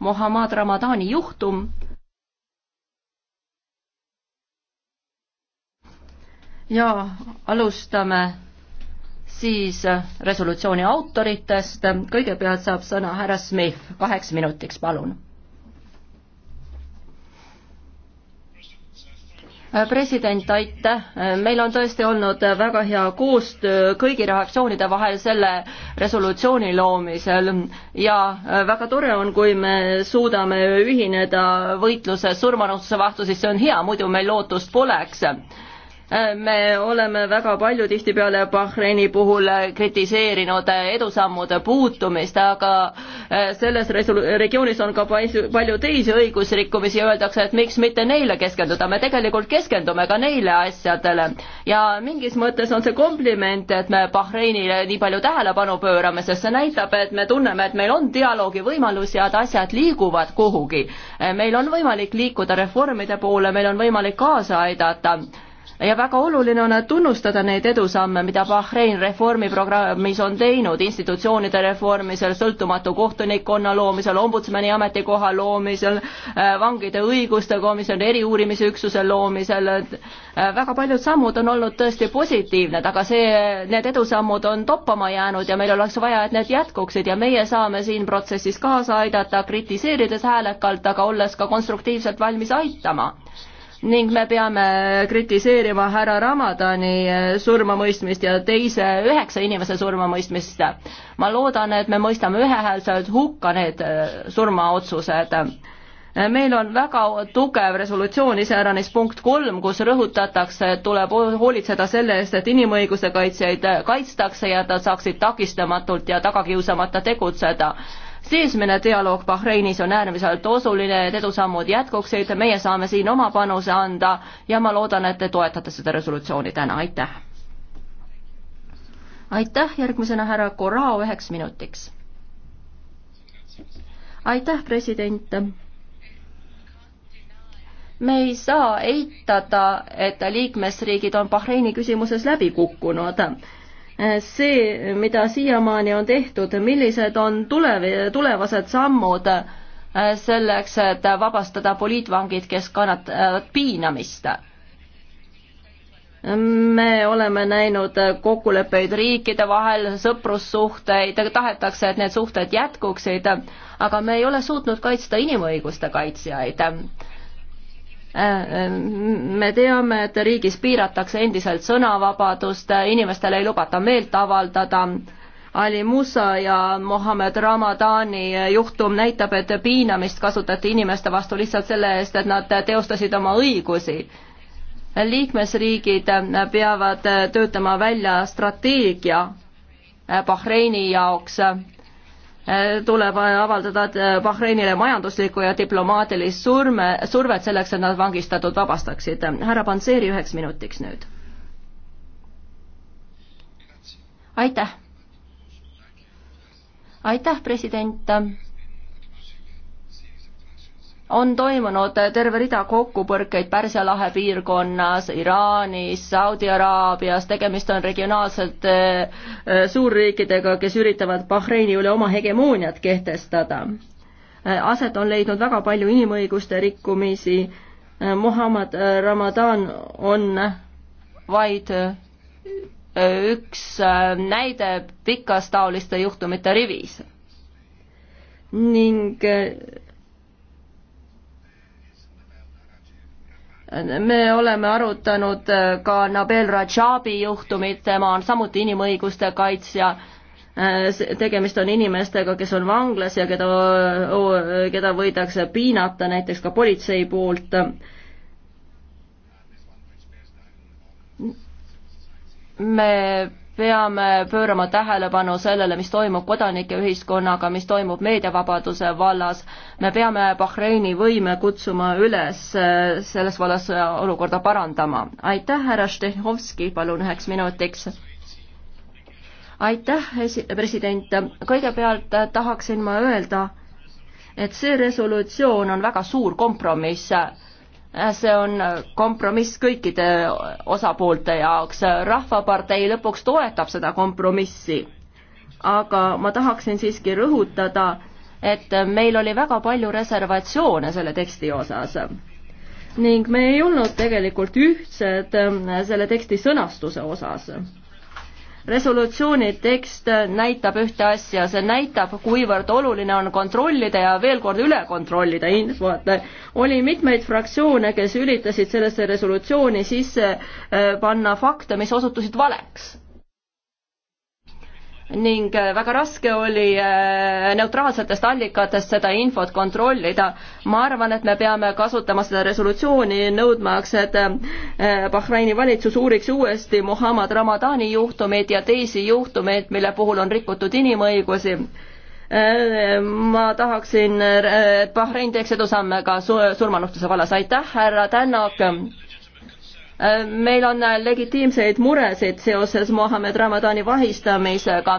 Mohammad Ramadani juhtum. ja alustame siis resolutsiooni autoritest. kõigepealt saab sõna härra Smith, kaheks minutiks, palun president, aitäh. meil on tõesti olnud väga hea koostöö kõigi reaktsioonide vahel selle resolutsiooni loomisel ja väga tore on, kui me suudame ühineda võitluses surmanuhtluse vastu, siis see on hea, muidu meil lootust poleks me oleme väga palju tihtipeale Bahreini puhul kritiseerinud edusammude puutumist, aga äh, selles regioonis on ka palju teisi õigusrikkumisi ja öeldakse, et miks mitte neile keskenduda, me tegelikult keskendume ka neile asjadele. ja mingis mõttes on see kompliment, et me Bahreinile nii palju tähelepanu pöörame, sest see näitab, et me tunneme, et meil on dialoogi võimalus ja et asjad liiguvad kuhugi. meil on võimalik liikuda reformide poole, meil on võimalik kaasa aidata ja väga oluline on tunnustada neid edusamme, mida Bahrein reformiprogrammis on teinud institutsioonide reformimisel, sõltumatu kohtunikkonna loomisel, ombudsmani ametikoha loomisel, äh, vangide õiguste komisjoni eriuurimisüksuse loomisel. Äh, väga paljud sammud on olnud tõesti positiivsed, aga see, need edusammud on toppama jäänud ja meil oleks vaja, et need jätkuksid ja meie saame siin protsessis kaasa aidata, kritiseerides häälekalt, aga olles ka konstruktiivselt valmis aitama ning me peame kritiseerima härra Ramadani surmamõistmist ja teise üheksa inimese surmamõistmist. ma loodan, et me mõistame ühehäälselt hukka need äh, surmaotsused meil on väga tugev resolutsioon iseäranis punkt kolm, kus rõhutatakse, et tuleb hoolitseda selle eest, et inimõiguse kaitsjaid kaitstakse ja nad saaksid takistamatult ja tagakiusamata tegutseda seesmine dialoog Bahreinis on äärmiselt osuline, et edusammud jätkuksid, meie saame siin oma panuse anda ja ma loodan, et te toetate seda resolutsiooni täna, aitäh! aitäh, järgmisena härra Corrao üheks minutiks. aitäh, president! me ei saa eitada, et liikmesriigid on Bahreini küsimuses läbi kukkunud Äh, see, mida siiamaani on tehtud, millised on tulev, tulevased sammud äh, selleks, et vabastada poliitvangid, kes kannatavad piinamist? me oleme näinud kokkuleppeid riikide vahel, sõprussuhteid, tahetakse, et need suhted jätkuksid, aga me ei ole suutnud kaitsta inimõiguste kaitsjaid Äh, äh, me teame, et riigis piiratakse endiselt sõnavabadust, äh, inimestele ei lubata meelt avaldada. Ali Musa ja Mohammed Ramadani juhtum näitab, et piinamist kasutati inimeste vastu lihtsalt selle eest, et nad teostasid oma õigusi. liikmesriigid peavad töötama välja strateegia Bahreini jaoks tuleb avaldada äh, Bahreinile majanduslikku ja diplomaatilist surme, survet selleks, et nad vangistatud vabastaksid. härra Panseri üheks minutiks nüüd. aitäh. aitäh, president on toimunud terve rida kokkupõrkeid Pärsia lahe piirkonnas, Iraanis, Saudi Araabias, tegemist on regionaalsete eh, eh, suurriikidega, kes üritavad Bahreini üle oma hegemooniat kehtestada. Eh, aset on leidnud väga palju inimõiguste rikkumisi, Muhamed Ramadan on vaid üks näide pikast taoliste juhtumite rivis. ning me oleme arutanud äh, ka Nabel Rajabi juhtumit, tema on samuti inimõiguste kaitsja, äh, tegemist on inimestega, kes on vanglas ja keda, keda võidakse piinata näiteks ka politsei poolt. me peame pöörama tähelepanu sellele, mis toimub kodanike ühiskonnaga, mis toimub meediavabaduse vallas. me peame Bahreini võime kutsuma üles äh, selles vallas äh, olukorda parandama. aitäh, härra Štehhovski, palun üheks minutiks. aitäh, president. kõigepealt äh, tahaksin ma öelda, et see resolutsioon on väga suur kompromiss Äh, see on äh, kompromiss kõikide äh, osapoolte jaoks, Rahvapartei lõpuks toetab seda kompromissi. aga ma tahaksin siiski rõhutada, et meil oli väga palju reservatsioone selle teksti osas. ning me ei olnud tegelikult ühtsed selle teksti sõnastuse osas resolutsiooni tekst näitab ühte asja, see näitab, kuivõrd oluline on kontrollida ja veel kord üle kontrollida infot. oli mitmeid fraktsioone, kes üritasid sellesse resolutsiooni sisse äh, panna fakte, mis osutusid valeks ning äh, väga raske oli äh, neutraalsetest allikatest seda infot kontrollida. ma arvan, et me peame kasutama seda resolutsiooni nõudmaks, et äh, Bahraini valitsus uuriks uuesti Mohammed Ramadani juhtumeid ja teisi juhtumeid, mille puhul on rikutud inimõigusi ma tahaksin, et Bahrein teeks edusamme ka surmanuhtluse vallas, aitäh, härra Tänak Äh, meil on äh, legitiimseid muresid seoses Mohammed Ramadani vahistamisega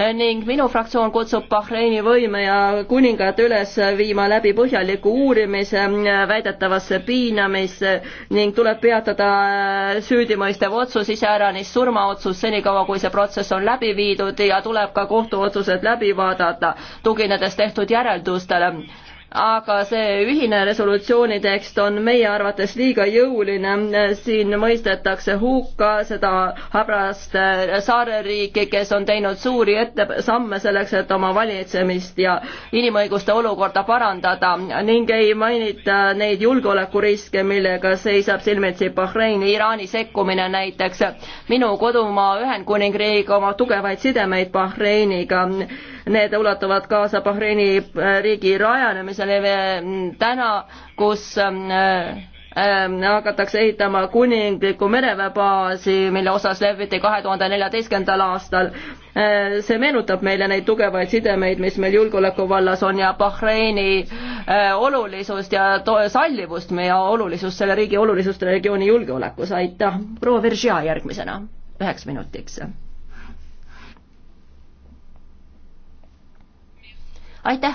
äh, ning minu fraktsioon kutsub Bahreini võime ja kuningat üles viima läbi põhjaliku uurimise väidetavasse piinamisse ning tuleb peatada süüdimõistev otsus, iseäranis surmaotsus, senikaua kui see protsess on läbi viidud ja tuleb ka kohtuotsused läbi vaadata, tuginedes tehtud järeldustele aga see ühine resolutsiooni tekst on meie arvates liiga jõuline, siin mõistetakse hukka seda habrast äh, saareriiki, kes on teinud suuri ette-, samme selleks, et oma valitsemist ja inimõiguste olukorda parandada ning ei mainita neid julgeolekuriske, millega seisab silmitsi Bahreini, Iraani sekkumine näiteks. minu kodumaa Ühendkuningriik oma tugevaid sidemeid Bahreiniga Need ulatuvad kaasa Bahreini äh, riigi rajanemisele äh, täna, kus ähm, äh, hakatakse ehitama kuninglikku mereväebaasi, mille osas lepiti kahe tuhande neljateistkümnendal aastal. see meenutab meile neid tugevaid sidemeid, mis meil julgeoleku vallas on ja Bahreini olulisust ja sallivust meie olulisust, selle riigi olulisust regiooni julgeolekus, aitäh. proua Veržia järgmisena üheks minutiks aitäh!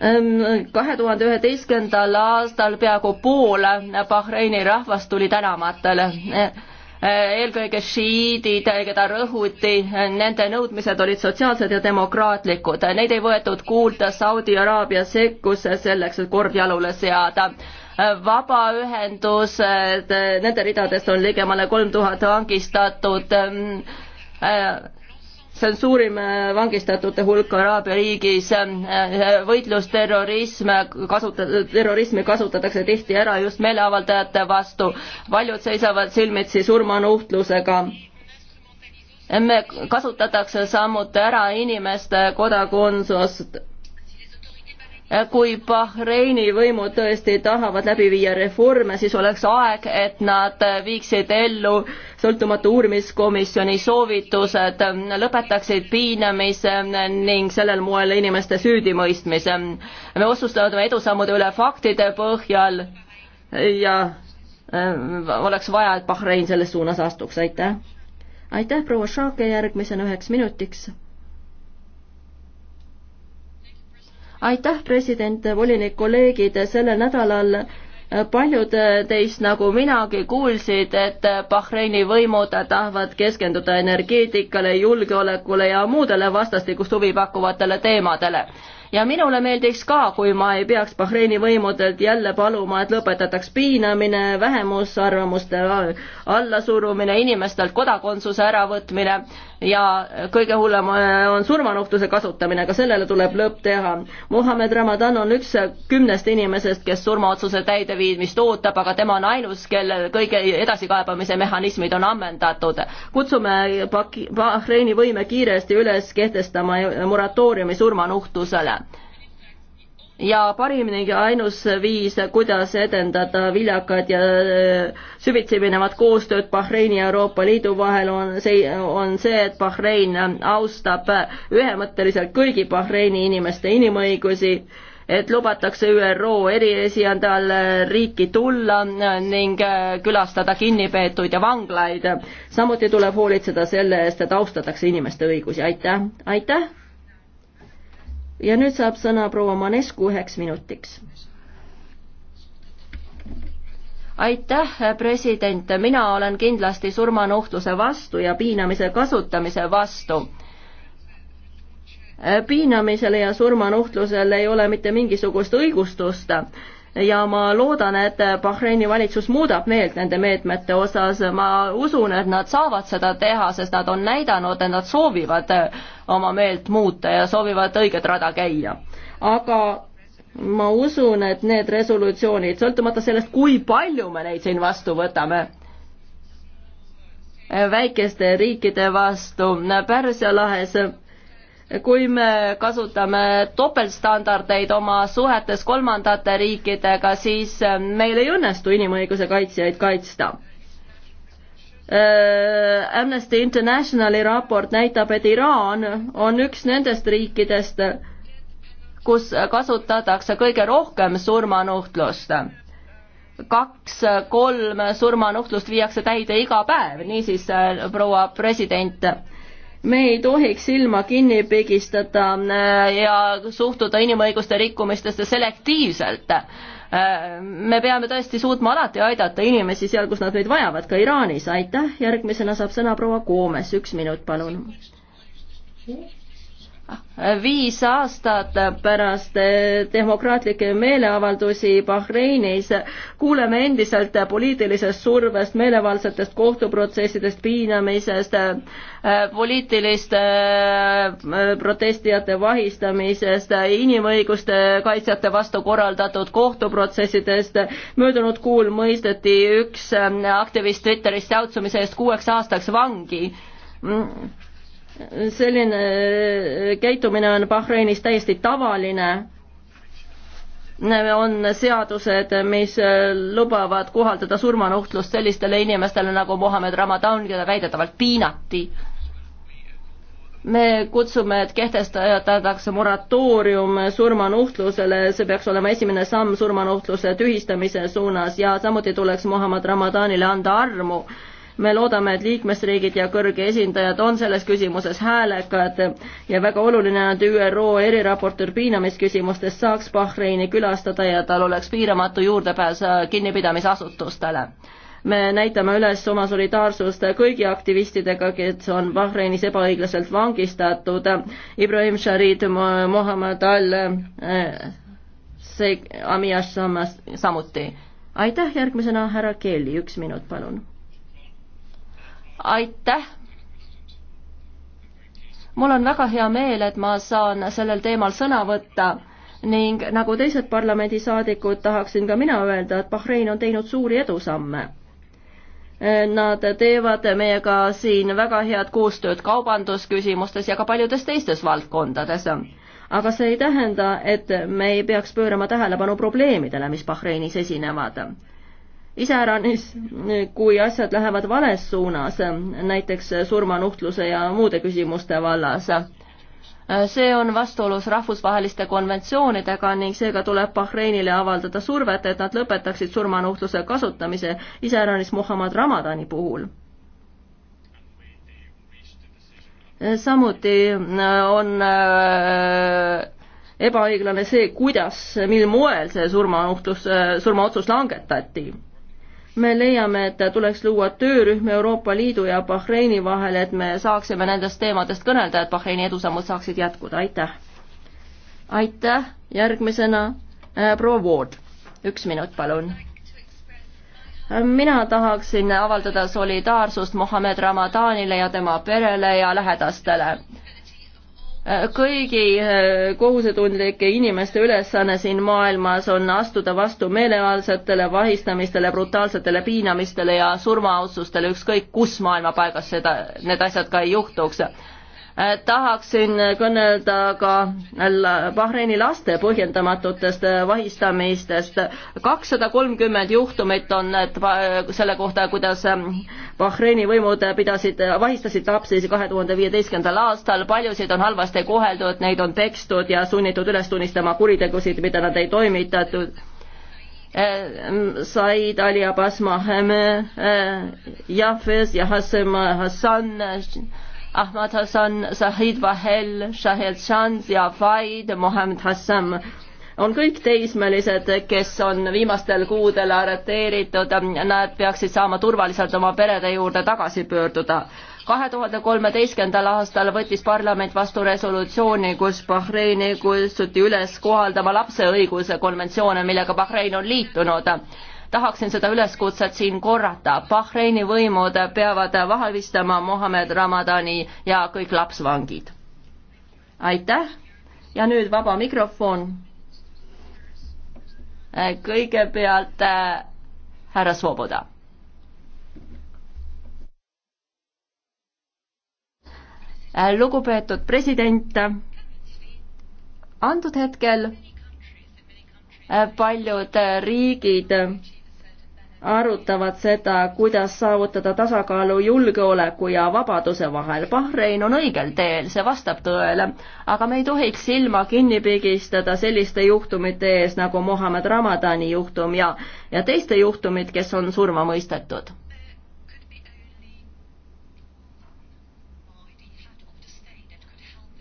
Ehm, kahe tuhande üheteistkümnendal aastal peaaegu pool Bahreini rahvast tuli tänavatele. E, e, eelkõige šiiidid, keda rõhuti, nende nõudmised olid sotsiaalsed ja demokraatlikud, neid ei võetud kuulda, Saudi Araabia sekkus selleks, et kord jalule seada vabaühendused, nende ridadest on ligemale kolm tuhat vangistatud ehm, e, see on suurim vangistatute hulk Araabia riigis. võitlus terrorism, kasutada, terrorismi kasutatakse tihti ära just meeleavaldajate vastu. paljud seisavad silmitsi surmanuhtlusega me kasutatakse samuti ära inimeste kodakondsust Äh, kui Bahreini võimud tõesti tahavad läbi viia reforme, siis oleks aeg, et nad äh, viiksid ellu sõltumatu uurimiskomisjoni soovitused, äh, lõpetaksid piinamise ning sellel moel inimeste süüdimõistmise. me otsustame oma edusammude üle faktide põhjal ja oleks vaja, et Bahrein selles suunas astuks, aitäh. aitäh, proua Šaake, järgmisena üheks minutiks aitäh, president, volinik, kolleegid, sellel nädalal äh, paljud äh, teist nagu minagi kuulsid, et äh, Bahreini võimud tahavad keskenduda energeetikale, julgeolekule ja muudele vastastikust huvi pakkuvatele teemadele. ja minule meeldiks ka, kui ma ei peaks Bahreini võimudelt jälle paluma, et lõpetataks piinamine, vähemusarvamuste allasurumine, inimestelt kodakondsuse äravõtmine ja kõige hullem äh, on surmanuhtluse kasutamine, ka sellele tuleb lõpp teha. Mohammed Ramadan on üks kümnest inimesest, kes surmaotsuse täideviimist ootab, aga tema on ainus, kellel kõige edasikaebamise mehhanismid on ammendatud. kutsume Bahreini võime kiiresti üles kehtestama moratooriumi surmanuhtlusele ja parimini ainus viis, kuidas edendada viljakat ja äh, süvitsi minevat koostööd Bahreini ja Euroopa Liidu vahel on see, on see, et Bahrein austab ühemõtteliselt kõigi Bahreini inimeste inimõigusi, et lubatakse ÜRO eriesindajal riiki tulla ning äh, külastada kinnipeetuid ja vanglaid. samuti tuleb hoolitseda selle eest, et austatakse inimeste õigusi, aitäh, aitäh! ja nüüd saab sõna proua Manescu üheks minutiks. aitäh, president, mina olen kindlasti surmanuhtluse vastu ja piinamise kasutamise vastu piinamisele ja surmanuhtlusele ei ole mitte mingisugust õigustust ja ma loodan, et Bahreini valitsus muudab meelt nende meetmete osas, ma usun, et nad saavad seda teha, sest nad on näidanud, et nad soovivad oma meelt muuta ja soovivad õiget rada käia. aga ma usun, et need resolutsioonid, sõltumata sellest, kui palju me neid siin vastu võtame, väikeste riikide vastu Pärsia lahes kui me kasutame topeltstandardeid oma suhetes kolmandate riikidega, siis ähm, meil ei õnnestu inimõiguse kaitsjaid kaitsta. Äh, Amnesty Internationali raport näitab, et Iraan on üks nendest riikidest, kus kasutatakse kõige rohkem surmanuhtlust. kaks-kolm surmanuhtlust viiakse täide iga päev, niisiis äh, proua president me ei tohiks silma kinni pigistada äh, ja suhtuda inimõiguste rikkumistesse selektiivselt. Äh, me peame tõesti suutma alati aidata inimesi seal, kus nad meid vajavad, ka Iraanis, aitäh, järgmisena saab sõna proua Koomes, üks minut, palun viis aastat pärast eh, demokraatlikke meeleavaldusi Bahreinis kuuleme endiselt poliitilisest survest, meelevaldsetest kohtuprotsessidest, piinamisest, eh, poliitiliste eh, protestijate vahistamisest, inimõiguste kaitsjate vastu korraldatud kohtuprotsessidest. möödunud kuul mõisteti üks aktivist Twitteris säutsumise eest kuueks aastaks vangi selline äh, käitumine on Bahreinis täiesti tavaline. on seadused, mis äh, lubavad kohaldada surmanuhtlust sellistele inimestele nagu Mohammed Ramadan, keda väidetavalt piinati. me kutsume, et kehtestatakse moratoorium surmanuhtlusele, see peaks olema esimene samm surmanuhtluse tühistamise suunas ja samuti tuleks Mohammed Ramadanile anda armu me loodame, et liikmesriigid ja kõrge esindajad on selles küsimuses häälekad ja väga oluline on, et ÜRO eriraportöör piinamisküsimustes saaks Bahreini külastada ja tal oleks piiramatu juurdepääs äh, kinnipidamisasutustele me näitame üles oma solidaarsust kõigi aktivistidega, kes on Bahreinis ebaõiglaselt vangistatud. Ibrahim Sharid, Mohammed Al, äh, see Ami Ashamas samuti. aitäh, järgmisena härra Kelly, üks minut, palun aitäh! mul on väga hea meel, et ma saan sellel teemal sõna võtta ning nagu teised parlamendisaadikud, tahaksin ka mina öelda, et Bahrein on teinud suuri edusamme. Nad teevad meiega siin väga head koostööd kaubandusküsimustes ja ka paljudes teistes valdkondades. aga see ei tähenda, et me ei peaks pöörama tähelepanu probleemidele, mis Bahreinis esinevad iseäranis, kui asjad lähevad vales suunas, näiteks surmanuhtluse ja muude küsimuste vallas. see on vastuolus rahvusvaheliste konventsioonidega ning seega tuleb Bahreinile avaldada survet, et nad lõpetaksid surmanuhtluse kasutamise iseäranis Muhamed Ramadani puhul samuti on äh, ebaõiglane see, kuidas, mil moel see surmanuhtlus, äh, surmaotsus langetati me leiame, et tuleks luua töörühm Euroopa Liidu ja Bahreini vahel, et me saaksime nendest teemadest kõnelda, et Bahreini edusammud saaksid jätkuda, aitäh. aitäh, järgmisena äh, proua Wood, üks minut, palun mina tahaksin avaldada solidaarsust Mohammed Ramadanile ja tema perele ja lähedastele kõigi eh, kohusetundlike inimeste ülesanne siin maailmas on astuda vastu meelevaldsatele vahistamistele, brutaalsetele piinamistele ja surmaotsustele, ükskõik kus maailma paigas seda, need asjad ka ei juhtuks Äh, tahaksin kõnelda ka Bahreini laste põhjendamatutest äh, vahistamistest. kakssada kolmkümmend juhtumit on need äh, selle kohta, kuidas ähm, Bahreini võimud pidasid, vahistasid lapsi kahe tuhande viieteistkümnendal aastal, paljusid on halvasti koheldud, neid on pekstud ja sunnitud üles tunnistama kuritegusid, mida nad ei toimitatud. Said Ali Abbas Mahem, Jafes ja Hassem Hassan Ahmad Hassan, Zahid Vahel, Shahed Shans ja Faid Mohammed Hassam on kõik teismelised, kes on viimastel kuudel arreteeritud, nad peaksid saama turvaliselt oma perede juurde tagasi pöörduda. kahe tuhande kolmeteistkümnendal aastal võttis parlament vastu resolutsiooni, kus Bahreini kutsuti üles kohaldama lapse õiguse konventsioone, millega Bahrein on liitunud tahaksin seda üleskutset siin korrata. Bahreini võimud peavad vahevistama Mohammed Ramadani ja kõik lapsvangid. aitäh ja nüüd vaba mikrofon. kõigepealt äh, härra Svoboda äh, lugupeetud president, antud hetkel äh, paljud riigid arutavad seda, kuidas saavutada tasakaalu julgeoleku ja vabaduse vahel. Bahrein on õigel teel, see vastab tõele, aga me ei tohiks silma kinni pigistada selliste juhtumite ees nagu Mohammed Ramadani juhtum ja, ja teiste juhtumid, kes on surma mõistetud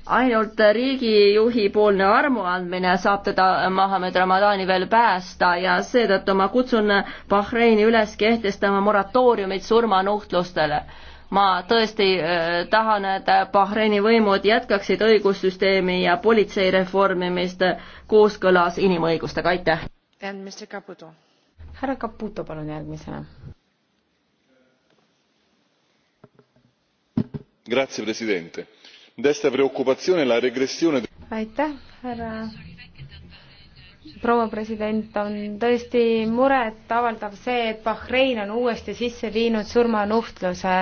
ainult riigijuhi poolne armuandmine saab teda Mohammed Ramadani veel päästa ja seetõttu ma kutsun Bahreini üles kehtestama moratooriumit surmanuhtlustele. ma tõesti äh, tahan, et Bahreini võimud jätkaksid õigussüsteemi ja politsei reformimist kooskõlas inimõigustega, aitäh! härra Caputo, palun järgmisena. Grazie Presidente desta preoccupazione la regressione. aitäh härra proua president on tõesti muretavaldav see et bahrein on uuesti sisse viinud surmanuhtluse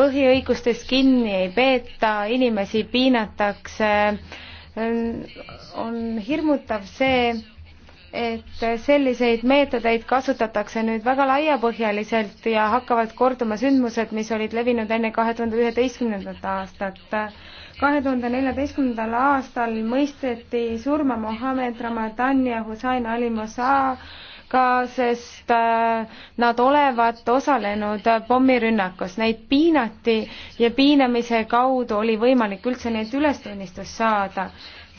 põhiõigustest kinni ei peeta inimesi piinatakse on hirmutav see et selliseid meetodeid kasutatakse nüüd väga laiapõhjaliselt ja hakkavad korduma sündmused, mis olid levinud enne kahe tuhande üheteistkümnendat aastat kahe tuhande neljateistkümnendal aastal mõisteti surma Mohammed Ramadan ja Hussein Ali Mossa ka, sest äh, nad olevat osalenud pommirünnakus. Neid piinati ja piinamise kaudu oli võimalik üldse neilt ülestunnistus saada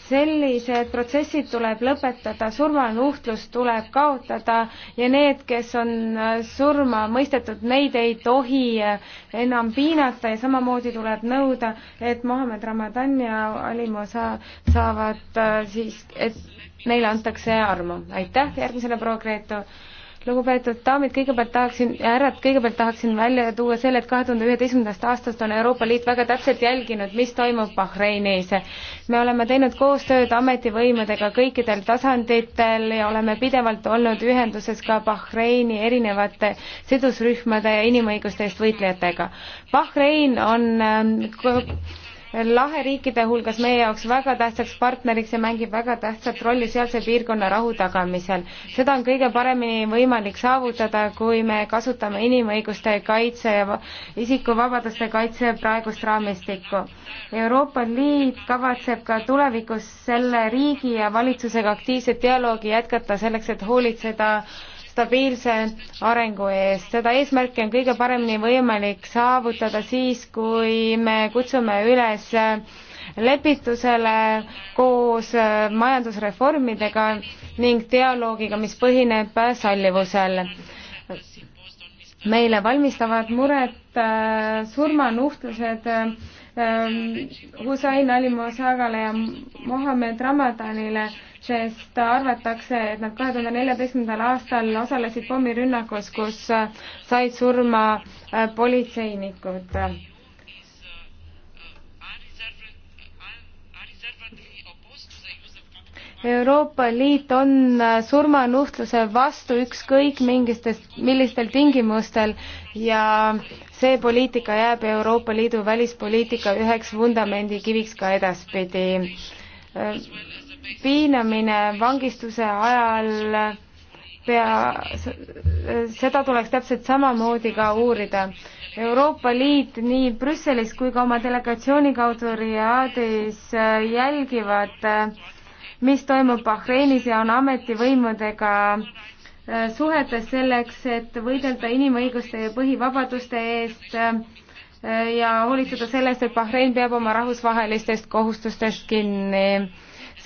sellised protsessid tuleb lõpetada, surmanuhtlus tuleb kaotada ja need, kes on äh, surma mõistetud, neid ei tohi äh, enam piinata ja samamoodi tuleb nõuda, et Mohammed Ramadan ja Ali Mosa saavad äh, siis, et neile antakse armu. aitäh järgmisele Progreetu lugupeetud daamid, kõigepealt tahaksin, härrad, kõigepealt tahaksin välja tuua selle, et kahe tuhande üheteistkümnendast aastast on Euroopa Liit väga täpselt jälginud, mis toimub Bahreinis. me oleme teinud koostööd ametivõimudega kõikidel tasanditel ja oleme pidevalt olnud ühenduses ka Bahreini erinevate sidusrühmade ja inimõiguste eest võitlejatega. Bahrein on ähm, laheriikide hulgas meie jaoks väga tähtsaks partneriks ja mängib väga tähtsat rolli sealse piirkonna rahu tagamisel. seda on kõige paremini võimalik saavutada, kui me kasutame inimõiguste kaitse ja isikuvabaduste kaitse praegust raamistikku. Euroopa Liit kavatseb ka tulevikus selle riigi ja valitsusega aktiivset dialoogi jätkata selleks, et hoolitseda stabiilse arengu eest. seda eesmärki on kõige paremini võimalik saavutada siis, kui me kutsume üles lepitusele koos majandusreformidega ning dialoogiga, mis põhineb sallivusel. meile valmistavad muret äh, surmanuhtlused äh, Hussein Ali Mosagale ja Mohammed Ramadanile sest arvatakse, et nad kahe tuhande neljateistkümnendal aastal osalesid pommirünnakus, kus äh, said surma äh, politseinikud. Euroopa Liit on äh, surmanuhtluse vastu ükskõik mingistest, millistel tingimustel ja see poliitika jääb Euroopa Liidu välispoliitika üheks vundamendikiviks ka edaspidi piinamine vangistuse ajal pea, seda tuleks täpselt samamoodi ka uurida. Euroopa Liit nii Brüsselis kui ka oma delegatsiooni kaudu Riadis äh, jälgivad, äh, mis toimub Bahreinis ja on ametivõimudega äh, suhetes selleks, et võidelda inimõiguste ja põhivabaduste eest ja hoolitseda selle eest, et Bahrein peab oma rahvusvahelistest kohustustest kinni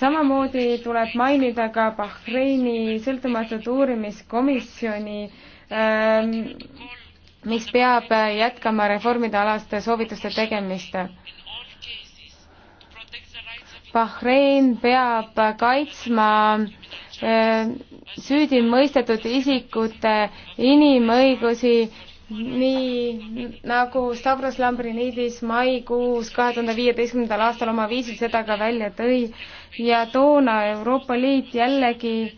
samamoodi tuleb mainida ka Bahreini sõltumatut uurimiskomisjoni ähm, mis peab jätkama reformide alaste soovituste tegemist. Bahrein peab kaitsma äh, süüdimõistetud isikute inimõigusi nii nagu Stavros Lambrinidis maikuus kahe tuhande viieteistkümnendal aastal oma viisil seda ka välja tõi ja toona Euroopa Liit jällegi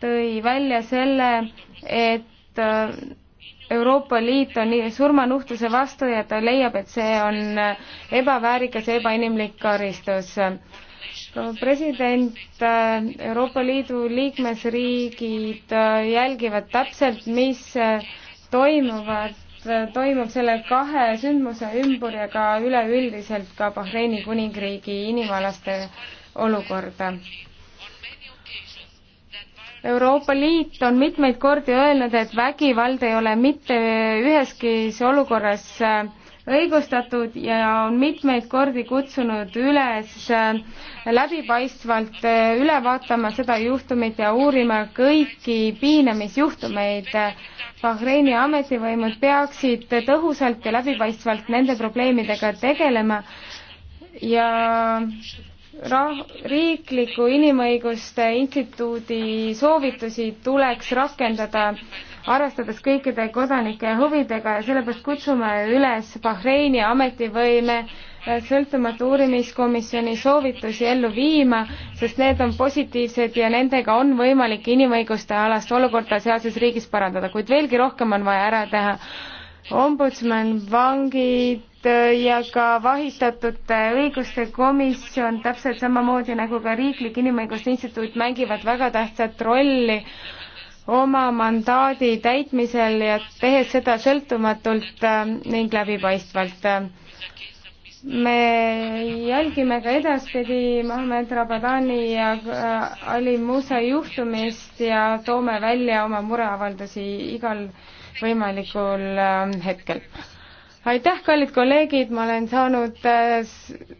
tõi välja selle, et äh, Euroopa Liit on surmanuhtluse vastu ja ta leiab, et see on äh, ebaväärikas ja ebainimlik karistus. president, äh, Euroopa Liidu liikmesriigid jälgivad täpselt, mis toimuvad, toimub selle kahe sündmuse ümber ja ka üleüldiselt ka Bahreini kuningriigi inimalaste olukorda. Euroopa Liit on mitmeid kordi öelnud, et vägivald ei ole mitte üheski olukorras äh, õigustatud ja on mitmeid kordi kutsunud üles äh, läbipaistvalt äh, üle vaatama seda juhtumit ja uurima kõiki piinamisjuhtumeid. Bahreini ametivõimud peaksid tõhusalt ja läbipaistvalt nende probleemidega tegelema ja rah-, riikliku inimõiguste instituudi soovitusi tuleks rakendada, arvestades kõikide kodanike huvidega ja sellepärast kutsume üles Bahreini ametivõime äh, sõltumatu uurimiskomisjoni soovitusi ellu viima, sest need on positiivsed ja nendega on võimalik inimõiguste alast olukorda sealses riigis parandada, kuid veelgi rohkem on vaja ära teha. ombudsman, vangid, Äh, ja ka vahistatute õiguste komisjon, täpselt samamoodi nagu ka Riiklik Inimõiguste Instituut, mängivad väga tähtsat rolli oma mandaadi täitmisel ja tehes seda sõltumatult äh, ning läbipaistvalt. me jälgime ka edaspidi Mohammed Rabadani ja äh, Ali Musa juhtumist ja toome välja oma mureavaldusi igal võimalikul hetkel aitäh, kallid kolleegid, ma olen saanud äh,